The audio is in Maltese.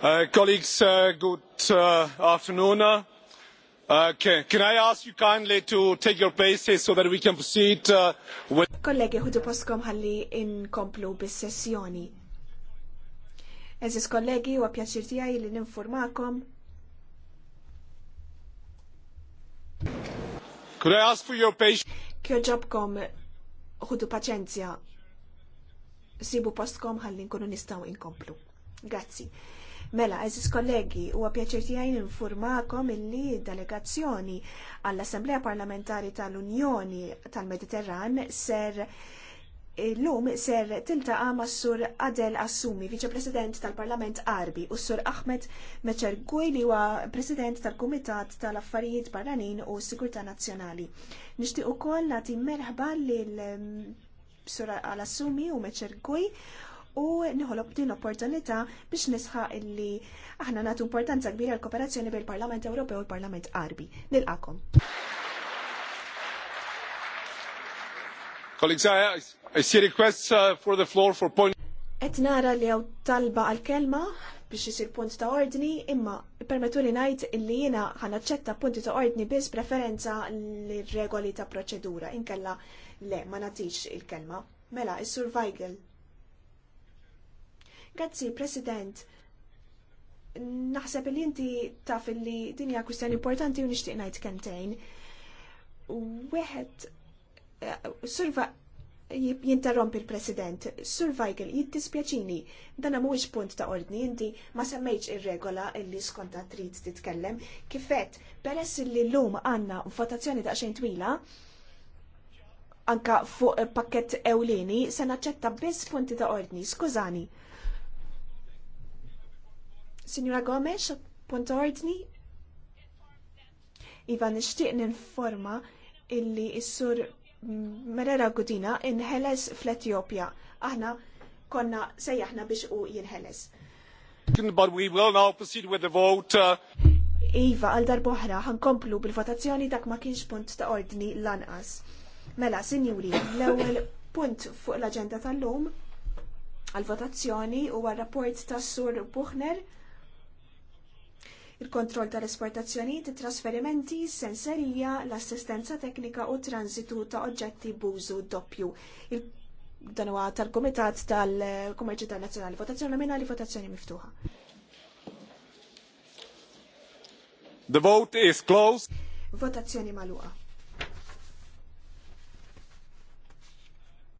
Uh, colleagues, uh, good uh, afternoon. Uh, can, can I ask you kindly to take your places so that we can proceed uh, with... Colleghi, ħudu poskom ħalli inkomplu bis-sessjoni. Eżis kollegi, u għapjaċir tijaj li ninformakom. Could I ask for your patience? Kjo ġobkom ħudu paċenzja. Sibu postkom ħalli kunu nistaw inkomplu. Grazzi. Mela, eżis kollegi, u għapjaċerti għajn informakom illi delegazzjoni għall-Assemblea Parlamentari tal-Unjoni tal-Mediterran ser l-lum ser tiltaqa ma' sur Adel Assumi, viċe-president tal-Parlament Arbi, u sur Ahmed Meċergui li huwa president tal-Kumitat tal-Affarijiet Barranin u Sigurta Nazzjonali. Nixtieq ukoll nagħti merħba l mm, sur Al-Assumi u Meċergui u niħolob din opportunità biex nisħa illi aħna natu importanza kbira l-kooperazzjoni bil parlament Ewropew u l-Parlament Arbi. Nilqakom. Colleagues, I, I see requests uh, for the floor for point. Et nara li għaw talba għal-kelma biex jisir punt ta' ordni, imma permetu li najt illi jena ħanaċċetta punti ta' ordni biz preferenza l-regoli ta' proċedura, inkella le, ma natix il-kelma. Mela, il-Sur Grazzi, President. Naħseb li inti taf li din hija kwistjoni importanti u nixtieq ngħid kentejn. Wieħed eh, surva jinterrompi il-President. Sur Weigel, jittispjaċini, dan mhuwiex punt ta' ordni, inti ma semmejx ir-regola illi skonta trid titkellem. Kifet, peress li l-lum għandna votazzjoni ta' xejn twila, anka fuq pakket ewlieni, se naċċetta biss punti ta' ordni, skużani. Signora Gomes, punt ordni. Iva nixtieq ninforma illi s-sur Merera Gudina inħeles fl-Etjopja. Aħna konna sejjaħna biex u jinħeles. But we will now proceed with the vote. Uh, iva, għal darboħra, ħankomplu bil-votazzjoni dak ma kienx punt ta' ordni lanqas. Mela, sinjuri, l-ewwel punt fuq l-agenda tal-lum għal-votazzjoni u għal-rapport ta' Sur Buchner il-kontroll tal-esportazzjonijiet, it-trasferimenti, senserija, l-assistenza teknika u transitu ta' oġġetti bużu doppju. Dan huwa tal-Kumitat tal tal-Nazzjonali votazzjoni nominali, votazzjoni miftuħa. The vote is closed. Votazzjoni maluqa.